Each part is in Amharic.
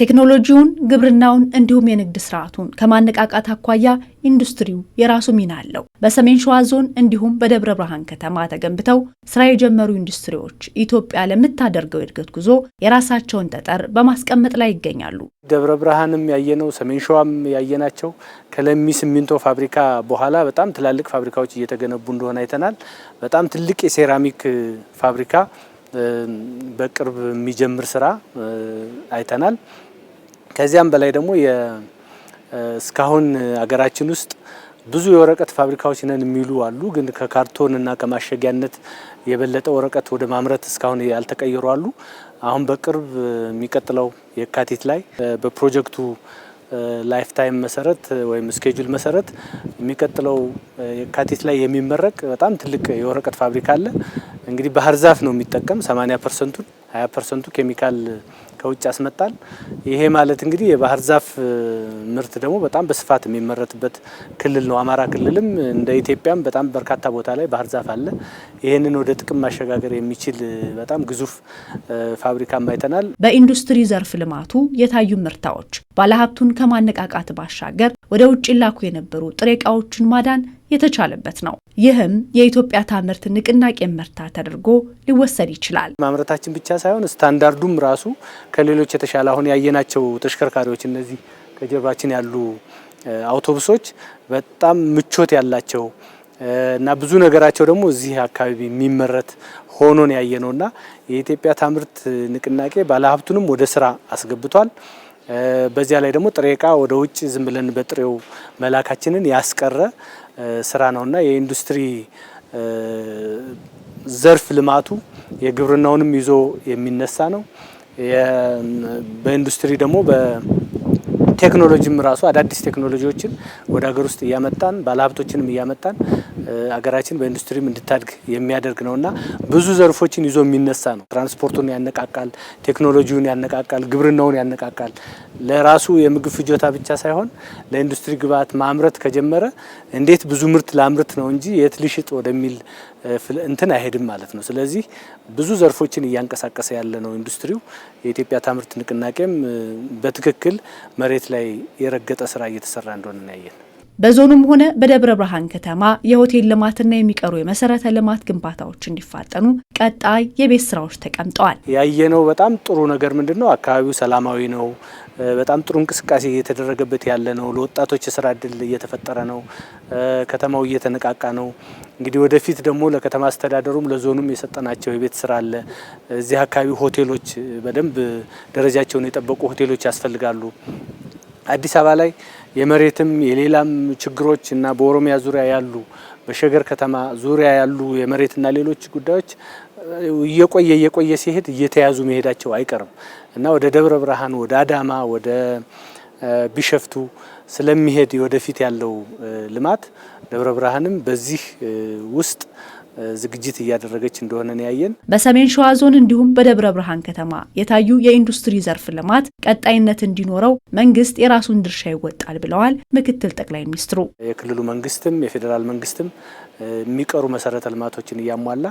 ቴክኖሎጂውን፣ ግብርናውን እንዲሁም የንግድ ስርዓቱን ከማነቃቃት አኳያ ኢንዱስትሪው የራሱ ሚና አለው። በሰሜን ሸዋ ዞን እንዲሁም በደብረ ብርሃን ከተማ ተገንብተው ስራ የጀመሩ ኢንዱስትሪዎች ኢትዮጵያ ለምታደርገው የእድገት ጉዞ የራሳቸውን ጠጠር በማስቀመጥ ላይ ይገኛሉ። ደብረ ብርሃንም ያየነው ሰሜን ሸዋም ያየናቸው ከለሚ ሲሚንቶ ፋብሪካ በኋላ በጣም ትላልቅ ፋብሪካዎች እየተገነቡ እንደሆነ አይተናል። በጣም ትልቅ የሴራሚክ ፋብሪካ በቅርብ የሚጀምር ስራ አይተናል። ከዚያም በላይ ደግሞ እስካሁን አገራችን ውስጥ ብዙ የወረቀት ፋብሪካዎች ነን የሚሉ አሉ። ግን ከካርቶን እና ከማሸጊያነት የበለጠ ወረቀት ወደ ማምረት እስካሁን ያልተቀየሩ አሉ። አሁን በቅርብ የሚቀጥለው የካቲት ላይ በፕሮጀክቱ ላይፍ ታይም መሰረት ወይም ስኬጁል መሰረት የሚቀጥለው የካቲት ላይ የሚመረቅ በጣም ትልቅ የወረቀት ፋብሪካ አለ። እንግዲህ ባህር ዛፍ ነው የሚጠቀም 80 ፐርሰንቱን፣ 20 ፐርሰንቱ ኬሚካል ከውጭ ያስመጣል። ይሄ ማለት እንግዲህ የባህር ዛፍ ምርት ደግሞ በጣም በስፋት የሚመረትበት ክልል ነው። አማራ ክልልም እንደ ኢትዮጵያም በጣም በርካታ ቦታ ላይ ባህር ዛፍ አለ። ይህንን ወደ ጥቅም ማሸጋገር የሚችል በጣም ግዙፍ ፋብሪካም አይተናል። በኢንዱስትሪ ዘርፍ ልማቱ የታዩ ምርታዎች ባለሀብቱን ከማነቃቃት ባሻገር ወደ ውጭ ይላኩ የነበሩ ጥሬ እቃዎችን ማዳን የተቻለበት ነው። ይህም የኢትዮጵያ ታምርት ንቅናቄ መርታ ተደርጎ ሊወሰድ ይችላል። ማምረታችን ብቻ ሳይሆን ስታንዳርዱም ራሱ ከሌሎች የተሻለ አሁን ያየናቸው ተሽከርካሪዎች እነዚህ ከጀርባችን ያሉ አውቶቡሶች በጣም ምቾት ያላቸው እና ብዙ ነገራቸው ደግሞ እዚህ አካባቢ የሚመረት ሆኖን ያየ ነውና የኢትዮጵያ ታምርት ንቅናቄ ባለሀብቱንም ወደ ስራ አስገብቷል። በዚያ ላይ ደግሞ ጥሬ እቃ ወደ ውጭ ዝም ብለን በጥሬው መላካችንን ያስቀረ ስራ ነውና የኢንዱስትሪ ዘርፍ ልማቱ የግብርናውንም ይዞ የሚነሳ ነው። በኢንዱስትሪ ደግሞ በቴክኖሎጂም ራሱ አዳዲስ ቴክኖሎጂዎችን ወደ ሀገር ውስጥ እያመጣን ባለሀብቶችንም እያመጣን አገራችን በኢንዱስትሪም እንድታድግ የሚያደርግ ነውና ብዙ ዘርፎችን ይዞ የሚነሳ ነው። ትራንስፖርቱን ያነቃቃል፣ ቴክኖሎጂውን ያነቃቃል፣ ግብርናውን ያነቃቃል። ለራሱ የምግብ ፍጆታ ብቻ ሳይሆን ለኢንዱስትሪ ግብዓት ማምረት ከጀመረ እንዴት ብዙ ምርት ላምርት ነው እንጂ የት ልሽጥ ወደሚል እንትን አይሄድም ማለት ነው። ስለዚህ ብዙ ዘርፎችን እያንቀሳቀሰ ያለ ነው ኢንዱስትሪው። የኢትዮጵያ ታምርት ንቅናቄም በትክክል መሬት ላይ የረገጠ ስራ እየተሰራ እንደሆነ ያየን። በዞኑም ሆነ በደብረ ብርሃን ከተማ የሆቴል ልማትና የሚቀሩ የመሰረተ ልማት ግንባታዎች እንዲፋጠኑ ቀጣይ የቤት ስራዎች ተቀምጠዋል። ያየነው በጣም ጥሩ ነገር ምንድን ነው? አካባቢው ሰላማዊ ነው። በጣም ጥሩ እንቅስቃሴ እየተደረገበት ያለ ነው። ለወጣቶች የስራ እድል እየተፈጠረ ነው። ከተማው እየተነቃቃ ነው። እንግዲህ ወደፊት ደግሞ ለከተማ አስተዳደሩም ለዞኑም የሰጠናቸው የቤት ስራ አለ። እዚህ አካባቢ ሆቴሎች በደንብ ደረጃቸውን የጠበቁ ሆቴሎች ያስፈልጋሉ። አዲስ አበባ ላይ የመሬትም የሌላም ችግሮች እና በኦሮሚያ ዙሪያ ያሉ በሸገር ከተማ ዙሪያ ያሉ የመሬትና ሌሎች ጉዳዮች እየቆየ እየቆየ ሲሄድ እየተያዙ መሄዳቸው አይቀርም እና ወደ ደብረ ብርሃን፣ ወደ አዳማ፣ ወደ ቢሸፍቱ ስለሚሄድ ወደፊት ያለው ልማት ደብረ ብርሃንም በዚህ ውስጥ ዝግጅት እያደረገች እንደሆነ ያየን። በሰሜን ሸዋ ዞን እንዲሁም በደብረ ብርሃን ከተማ የታዩ የኢንዱስትሪ ዘርፍ ልማት ቀጣይነት እንዲኖረው መንግስት የራሱን ድርሻ ይወጣል ብለዋል ምክትል ጠቅላይ ሚኒስትሩ። የክልሉ መንግስትም የፌዴራል መንግስትም የሚቀሩ መሰረተ ልማቶችን እያሟላ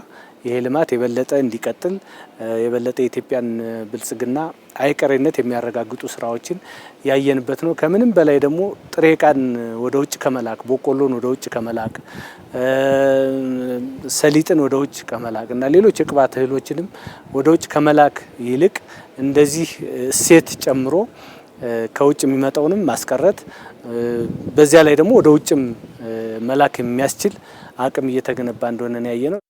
ይሄ ልማት የበለጠ እንዲቀጥል የበለጠ የኢትዮጵያን ብልጽግና አይቀሬነት የሚያረጋግጡ ስራዎችን ያየንበት ነው። ከምንም በላይ ደግሞ ጥሬ ዕቃን ወደ ውጭ ከመላክ በቆሎን ወደ ውጭ ከመላክ ሰሊጥን ወደ ውጭ ከመላክ እና ሌሎች የቅባት እህሎችንም ወደ ውጭ ከመላክ ይልቅ እንደዚህ እሴት ጨምሮ ከውጭ የሚመጣውንም ማስቀረት በዚያ ላይ ደግሞ ወደ ውጭም መላክ የሚያስችል አቅም እየተገነባ እንደሆነ ያየ ነው።